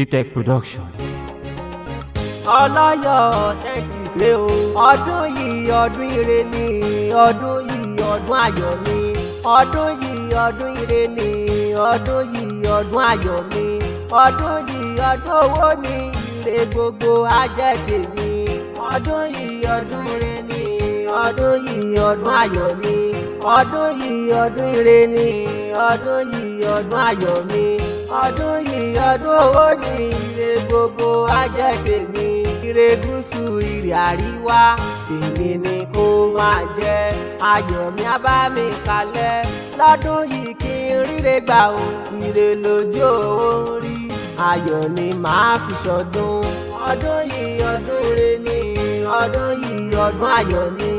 Dtech Production. ọlọ́yọ̀ ẹ ti gbé o ọdún yìí ọdún ire ni ọdún yìí ọdún ayọ̀ ni ọdún yìí ọdún ire ni ọdún yìí ọdún ayọ̀ ni ọdún yìí ọdún owó ni ire gbogbo ajẹ́kẹ̀ mi ọdún yìí ọdún ire ni ọdún yìí ọdún ayọ̀ ni ọdún yìí ọdún ire ni ọdún yìí ọdún ayọ̀ ni ọdún yìí ọdún owó ní ire gbogbo ajẹ́ tèmi ire gúúsù ire àríwá tèmi ni kó máa jẹ́ ayọ̀ mi á bá mi kalẹ̀ lọ́dún yìí kí n ríre gbà ó ire lójú owó ń rí ayọ̀ ni màá fi ṣọdún ọdún yìí ọdún ire ni ọdún yìí ọdún ayọ̀ ni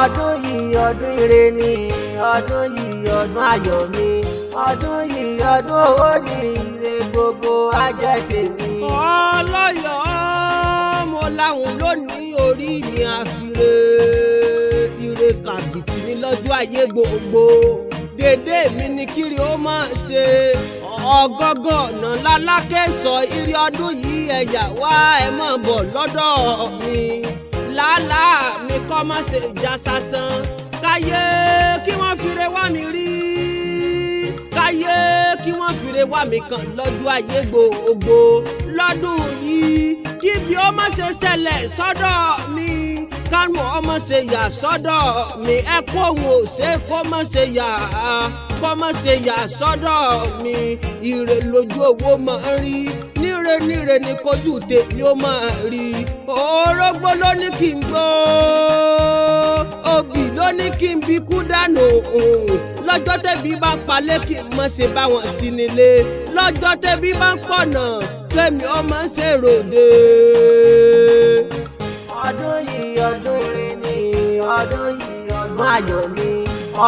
ọdún yìí ọdún ire ni ọdún yìí yìí ọdún ayọ̀ mi ọdún yìí ọdún owó ni ire gbogbo ajẹ́ tèmi. ọlọ́yọ̀ mo láwọn lónìí orí mi àfire ire kàbìtì ní lọ́jọ́ ayé gbogbo dédé mi ni kiri ó máa ṣe ọgọgọ ọ̀nà lálákẹ́ sọ irí ọdún yìí ẹ̀yà wá ẹ̀ mọ̀ bọ̀ lọ́dọ̀ mi làálàá mi kọ́ má ṣe já sásán káyé kí wọ́n fi wà mí kan lọ́jọ́ ayé gbogbo lọ́dún yìí kíbi ó má ṣe ṣẹlẹ̀ sọ́dọ̀ mi kánú ọmọ ṣe yà sọ́dọ̀ mi ẹ kó òun ò ṣe kó má ṣe yà á kó má ṣe yà sọ́dọ̀ mi ire lójú owó máa ń rí níre níre ni kojú tèmi ó máa rí orógbó ló ní kí n gbó obì ló ní kí n bí kú dànù òun lọ́jọ́ tẹ́bí bá palẹ́ kí n mọ̀ ṣe bá wọn sí nílé lọ́jọ́ tẹ́bí bá ń pọ̀nà kẹ́mi ọmọ ṣe ròde. ọdún yìí ọdún rẹ ni ọdún yìí ọdún ayọ̀ mi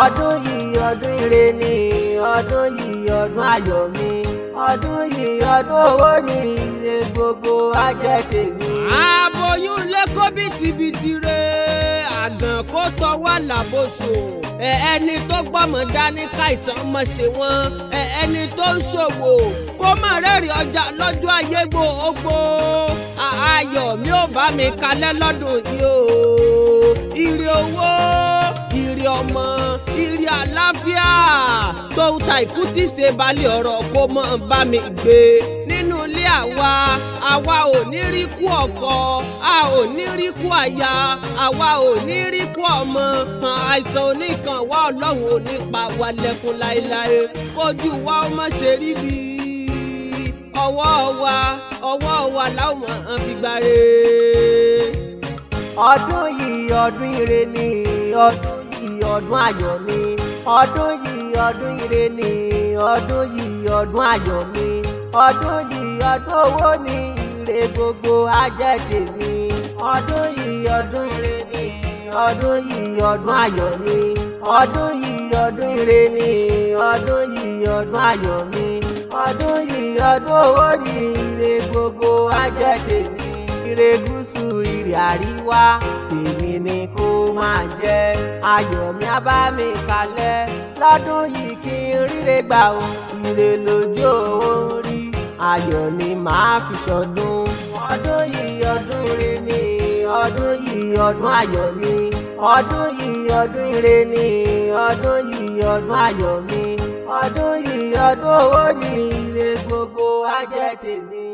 ọdún yìí ọdún ire ni ọdún yìí ọdún ayọ̀ mi ọdún yìí ọdún owó ni gbogbo ajẹ́ tèmi kó bìtìbìtì re àgàn kó tọwọ́ làbòsò ẹni tó gbọ́mọ̀ dání káìsàn mọ̀ ṣe wọ́n ẹni tó ń ṣòwò kó má rẹ́rìí ọjà lọ́jọ́ ayé gbogbo ayọ̀ mi ò bá mi kalẹ̀ lọ́dún yìí o ire owó ire ọmọ ire àlàáfíà tóun ta ìkú tí ṣe balẹ̀ ọ̀rọ̀ kó mọ̀ bá mi gbé ní àwa àwa ò ní rí kú ọkọ a ò ní rí kú aya àwa ò ní rí kú ọmọ àìsàn oníkan wa ọlọ́run ò wa lẹ́kún láéláé kójú wa ó má ṣe rí bi ọwọ́ wa ọwọ́ wa láwọn hàn fi gbáre. ọdún yìí ọdún ire ni ọdún yìí ọdún ayọ̀ ni ọdún yìí ọdún ire ni ọdún yìí ọdún ayọ̀ ni. ọdún yìí ọdún owó ni ìrè gbogbo ajẹ́dẹ̀ mi. ọdún yìí ọdún ire ni ọdún yìí ọdún ayọ̀ mi. ọdún yìí ọdún ire ni ọdún yìí ọdún ayọ̀ mi. ọdún yìí ọdún owó ni ìrè gbogbo ajẹ́dẹ̀ mi. ìrè gúúsù ìrè àríwá èmi ni kò máa jẹ́ ayọ̀ mi abámi kalẹ̀ lọ́dún yìí kí n ríre gbà ó ìrè lójú òun rí. ayọ̀ ni màá fi ṣọdún. ọdún yìí ọdún ire ni ọdún yìí ọdún ayọ̀ ni ọdún yìí ọdún ire ni ọdún yìí ọdún ayọ̀ ni ọdún yìí ọdún owó ni ire gbogbo á jẹ́ tèmi.